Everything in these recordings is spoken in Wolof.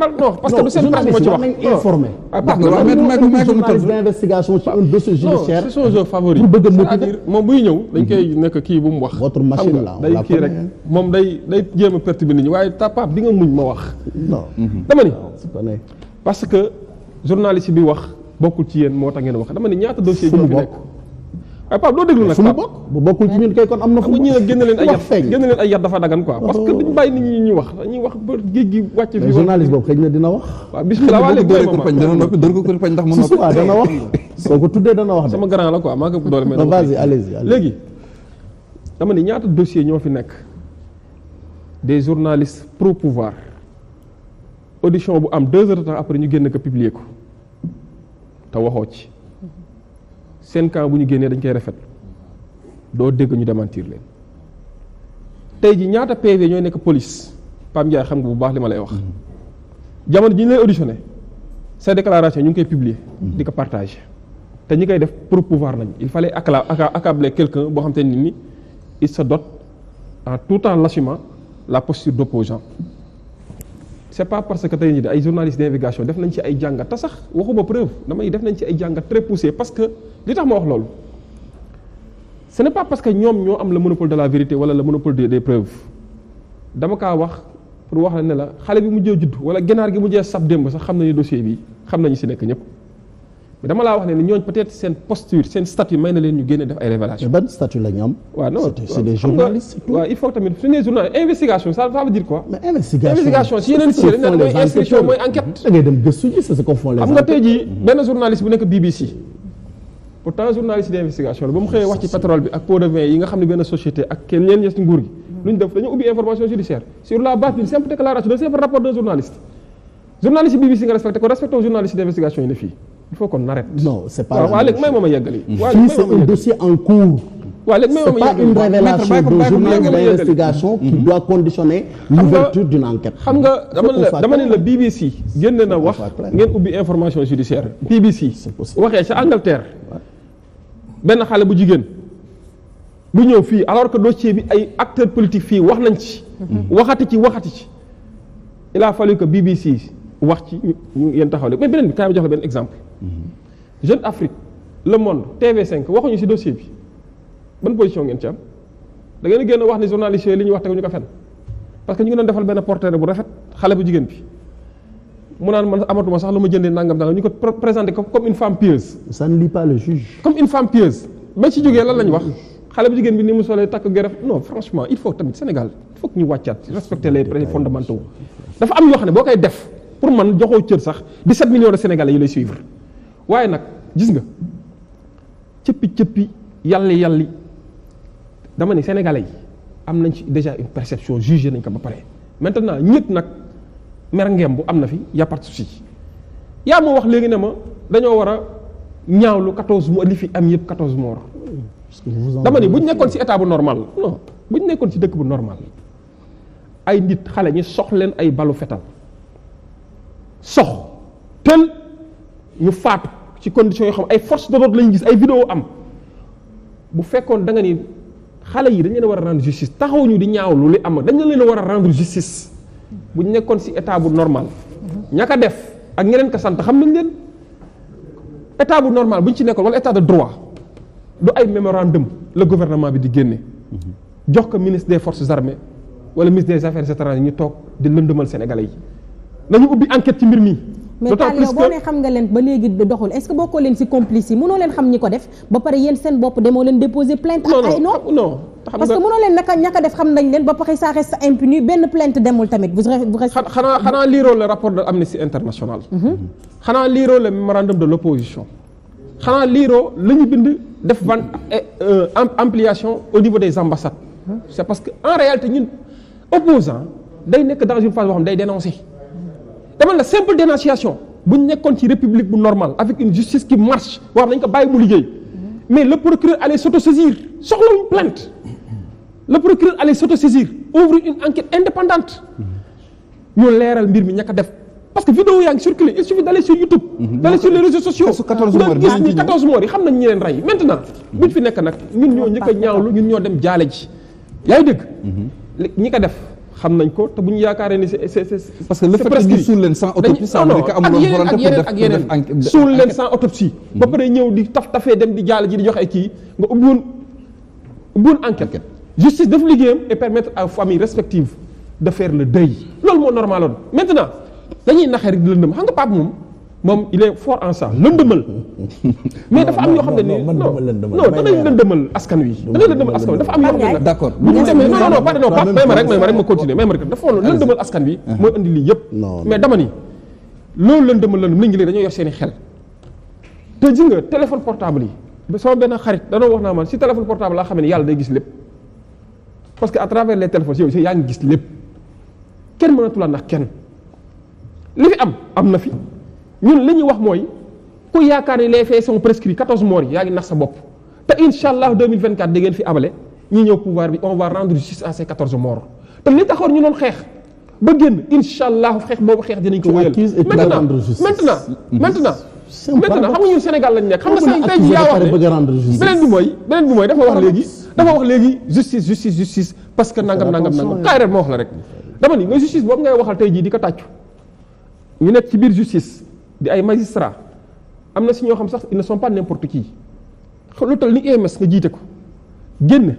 non parce que du seen wax informé ah, ci un dossier judiciaire moom buy ñëw dañ koy hmm. nekk kii bu mu wax votre machine la day kii rek moom a perturber nit ñi waaye tapaab di nga muñ wax non mhm. dama ni wax dama ni ñaata dossier ñoo fi nekk ay eh, Pape doo déglu nag suñu bokk bu bokkul ci ñun kay kon am na fu ñu nag génn leen ay yar génn leen ay yar dafa dagan quoi parce que duñ bàyyi nit ñi ñuy wax dañuy wax ba géej gi wàcc fi boobu xëy dana noppi dóor ko ndax mu noppi waaw dana wax soo ko tuddee dana wax sama grand la quoi maa ko doole mais vas léegi dama ne ñaata dossier ñoo fi nekk des journalistes pro pouvoir audition bu am deux heures a temps après ñu génn ko publier ko te waxoo ci seen camp bu ñu génnee dañ koy rafet doo dégg ñu démentir leen tey ji ñaata PV ñooy nekk police Pam Ndiaye xam nga bu baax li ma lay wax jamono ji ñu lay auditionné ces déclarations ñu ngi koy publier di ko partage te ñi koy def pour pouvoir lañ il fallait accla accabler quelqu'un boo xam te nit ni il se dot en tout en assumant la posture d'opposant c'est pas parce que tey jii ay journalistes d'investigation def nañ ci ay jàngat te sax waxuma preuve damay def nañ ci ay jàngat très poussé parce que li tax ma wax loolu ce n'est pas parce ñoom ñoo am le monopole de la vérité wala le monopole des preuves dama kaa wax pour wax la ne la xale bi mujjee judd wala ganaar gi mujjee sab démb sax xam nañu dossier bi xam nañu si nekk ñëpp. dama laa wax ne ñooñ peut seen posture seen statut may na leen ñu génne def ay révélation ban statut la ñoom waaw non c'est su ne journal investigation ça veut dire quoi mais investigation si yeneen nga xam ne benn société ak kenn ñeen nguur gi hmm. lu ñu def dañoo ubbi information judiciaire sur la base d'une simple déclaration d'un simple rapport d'un journaliste journaliste yi ne fii il faut qu'on arrête. non c'est may ma ma yeggali. waaw léegi c'est un dossier en cours. waaw léegi may ma ma yeggali c'est pas une révélation de journal d'investigation qui mm-hmm. doit conditionner l'ouverture d'une enquête. xam nga dama ne la dama ne la BBC. génne na wax ngeen ubbi information judiciaire BBC. waxee sa Angleterre benn xale bu jigéen. bu ñëw fii alors que dossier bi ay acteurs politiques fii wax nañ ci. Mm-hmm. waxati ci waxati ci il a fallu BBC. wax ci yéen taxaw léegi mais beneen bi kaay ma jox la benn exemple mm-hmm. Jeune Afrique Le Monde TV5 waxuñu si dossier bi ban position ngeen ci am da ngeen génn wax ni journaliste yi li ñuy wax teguñu ko fenn parce que ñu ngi doon defal benn portrait bu rafet xale bu jigéen bi mu naan man amatuma sax lu ma jëndee nangam nangam ñu ko présenté comme une femme pieuse. ça ne lie pas le juge. comme une femme pieuse. ba ci jógee lan lañ wax xale bu jigéen bi ni mu solee takk geref non franchement il faut tamit Sénégal il faut que ñu wàccaat respecter les am yoo ne boo koy def. pour man joxoo cër sax 17 millions de sénégalais yi lay suivre waaye nag gis nga cëppi cëppi yàlli yàlli dama ni sénégalais yi am nañ ci déjà une perception jugé nañ ko ba pare maintenant ñëpp nag mer bu am na fi y a yaa moo wax léegi ne ma dañoo war a ñaawlu 14 mois li fi am yëpp 14 morts dama ni buñ nekkoon ci état bu normal non bu ñu nekkoon ci dëkk bu normal ay nit xale ñi sox leen ay balu fetal sox tël ñu faatu ci condition yoo xam ay force de l'ordre lañu gis ay vidéo am bu fekkoon da nga ni xale yi dañ leen war a rendre justice taxaw ñu di ñaaw lu li am dañ leen war a rendre justice bu ñu nekkoon si état bu normal ñaka def ak ñeneen ka sant xam nañ leen état bu normal bu ñu ci nekkoon wala état de droit du ay mémorandum la gouvernement bi di génne jox ko ministre des forces armées wala ministre des affaires yi ñu toog di lëndëmal sénégalais yi nañu ubbi enquête ci mbir mi. mais Tall yow boo ne xam nga leen ba léegi doxul est-ce que bokkoo leen ci complice yi mënoo leen xam ñi ko def ba pare yéen seen bopp demoo leen déposer plainte ak ay non parce que mënoo leen de Amnesty International mhm. xanaa liiroo le mémorandum de l'opposition xanaa liiroo euh, mhm. parce que en réalité ñun opposant nekk dans une phase boo xam day dénoncer dama la simple dénonciation bu ñu nekkoon ci république bu normale avec une war nañ ko bàyyi mu liggéey mais le procureur allait s'autosaisir soxlawuñ plainte le procureur allait s'autosaisir ouvre une enquête indépendante ñu leeral mbir mi ña ko def parce que vidéo yaa ngi circulé il suffit d'aller sur YouTube mm-hmm. d'aller sur les réseaux sociaux nga gis ni quatorze morts yi xam nañ ñi leen rey maintenant mm-hmm. buñ fi nekk nag ñun ñoo njëkk a ñaawlu ñun ñoo dem jaale ji yaa ngi dégg mm-hmm. ñi ko def xam nañ ko te bu ñu yaakaaree ni c'est se parce que le fait que suul leen sans autopsie ça veut dire que amul woon volonté pour def ak yeneen suul leen mhm. ba pare ñëw di taf tafee dem di jaal ji di joxe ay kii nga ubbiwoon ubbiwoon enquête justice daf liggéeyam et permettre à famille respective de faire la deuil loolu moo normaloon maintenant dañuy naxee rek di lëndëm xam nga pap moom moom il est fort en ça lëndëmal. mais dafa am yoo xam ne nii non non danañ lëndëmal askan askan wi dafa am yoo xam ne d' accord bu ñu demee non may ma rek ma continuer may ma rek dafa woon lëndëmal ah. askan wi. Ah. mooy indi lii yëpp. mais dama ni loolu lëndëmal lëndëm nit ñi léegi dañoo yor seen i xel. te ji nga téléphone portable yi sama benn xarit danoo wax naa man si téléphone portable laa xam ne yàlla day gis lépp parce que à travers les téléphones yow yaa ngi gis lépp kenn mënatu la nax kenn li fi am am na fi ñun li ñu wax mooy ku yaakaar ni les faits sont prescrits 14 morts yi yaa ngi nax sa bopp te incha allah 2024 da ngeen fi abale ñi ñëw pouvoir bi on va rendre justice à ces 14 morts te li taxoon ñu doon xeex ba génn incha allah xeex boobu xeex dinañ ko wëyal maintenant maintenant maintenant maintenant xam nga ñun Sénégal lañ nekk xam nga sëñ tey ji yaa wax ne beneen bi mooy beneen bi mooy dafa wax léegi dafa wax léegi justice justice justice parce que nangam nangam nangam kaay ma wax la rek nga justice boobu ngay waxal tey jii nekk ci biir justice di ay magistrats am na si ñoo xam sax ils ne sont pas n'importe qui lu tal ni EMS nga jiite ko génn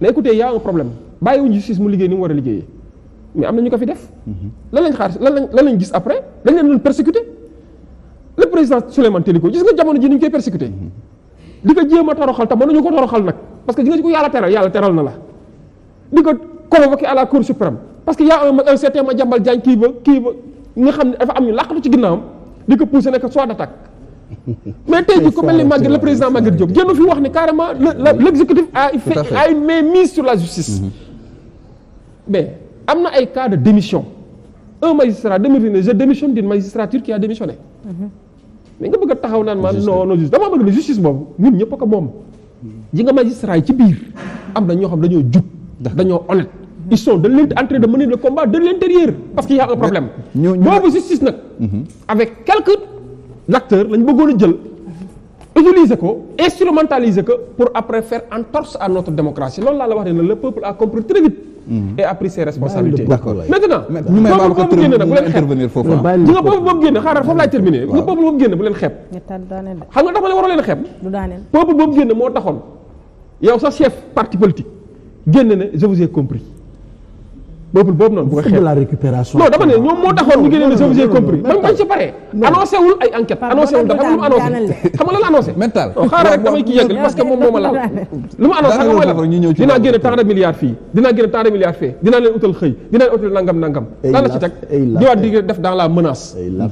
na écoutez y a un problème bàyyiwuñ justice mu liggéey ni mu war a liggéeyee mais am na ñu ko fi def. Mhm. lan lañ xaar lan lañ lan lañ gis après dañ leen doon persécuter le président Souleymane Téliko gis nga jamono ji ni ñu koy persécuter mhm. di ko jéem a toroxal te mënuñu ko toroxal nag parce que di nga ci ko yàlla teral yàlla teral na la di ko convoqué à la parce que y a un un certain Madiambal kii ba kii ne dafa am ñu làqatu ci ginnaawam. di ko poussé nekk soit d'attaque mais tey jii ku mel ni Maguette le président Maguette Diop wax ni carrément l' mm-hmm. exécutif a fait a une la justice mm-hmm. mais am na ay cas démission un magistrat démissionné je démissionne d'une magistrature qui a démissionné mm-hmm. mais nga bëgg taxaw naan ma non non justice damaa bëgg ne justice boobu ñun ñëpp ko moom ji nga magistrat yi ci biir am na ñoo xam dañoo jub dañoo honnête ils sont de l' en train de mener le combat de parce qu'il y a problème. boobu justice nag. Mhm. avec quelques acteurs lañ bëggoon a jël. utiliser ko instrumentaliser ko pour après faire entorse à notre démocratie loolu laa la wax ne le peuple a compris très vite. Mhm. et a ses responsabilités. d'accord ah. peuple boobu génn bu leen xeeb. xam nga dafa ne waroo leen xeeb. peuple boobu génn moo taxoon yow sa chef parti politique génn ne je peuple boobu noonu bu ko xeex la récupération non dama ne ñoom moo taxoon ñu ngi leen di compris ba bañ ci paree annoncé ay enquête annoncé dafa lu mu annoncé xam nga dinaa génne tant de milliards fii dinaa génne tant milliards fee dinaa leen utal xëy dinaa leen utal nangam nangam lan la ci teg diwaat di def dans la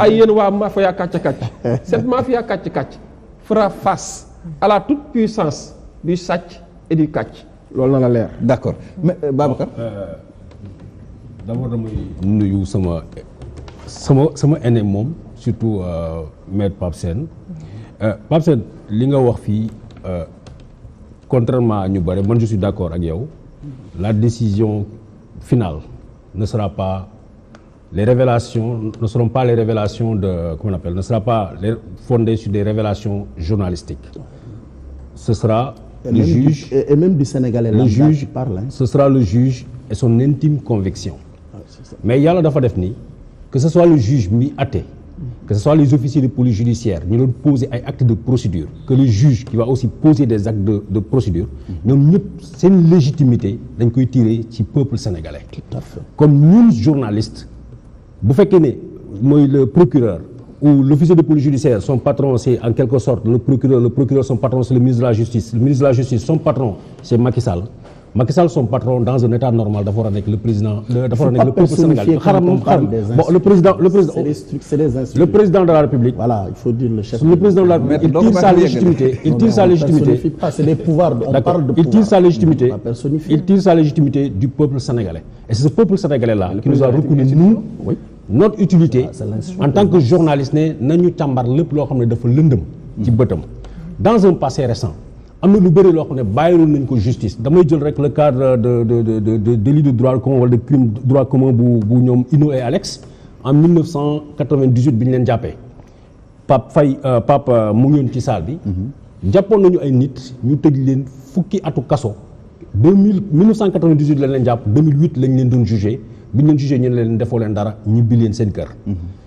ay yéen waa mafia kàcc kàcc cette mafia kàcc kàcc fera face à la toute puissance du sàcc et du kàcc loolu na la leer d'accord mais euh, d'abord damay nuyu sama sama sama aîné moom surtout euh, maître Pape Sène mm-hmm. euh, Pape Sène li nga wax fii euh, contrairement à ñu bëri man je suis d'accord ak yow mm-hmm. la décision finale ne sera pas les révélations ne seront pas de comment on appelle ne sera pas les fondées sur des révélations journalistiques ce sera et le juge du, et même du Sénégalais le juge parle hein. ce sera le juge et son intime conviction mais yàlla dafa def ni que ce soit le juge mi atte que ce soit les officiers de police judiciaire ñu doon poser ay actes de procédure que le juge qui va aussi poser des actes de, de procédure ñoom ñëpp seen légitimité dañ koy tiire ci peuple sénégalais tout à fait comme ñun journaliste bu fekkee ne mooy le procureur ou l'officier de police judiciaire son patron c'est en quelque sorte le procureur le procureur son patron c'est le ministre de la justice le ministre de la Macky Sall son patron dans un état normal dafa war le président dafa war le peuple sénégalais bon le président le président de la République il tire sa légitimité il tire sa légitimité du peuple sénégalais et c'est ce peuple sénégalais là qui nous a reconnu nous notre utilité en tant que journaliste ne nañu càmbar lépp loo xam ne dafa lëndëm ci bëtam dans un passé récent am na lu bëri loo xam ne bàyyiloon nañ ko justice damay jël rek le cadre de de de délit de droit commun wala de crime droit commun bu bu ñoom Inno et Alex en 1998 bi ñu leen jàppee Pape Faye euh, Pape euh, mu ngi ci saal bi. Mm-hmm. jàppoon nañu ay nit ñu tëj leen fukki atu kaso. 2000 1998 lañ leen jàpp 2008 lañ leen doon jugé bi ñu leen jugé ñu leen defoo leen dara ñibbi leen seen kër. Mm-hmm.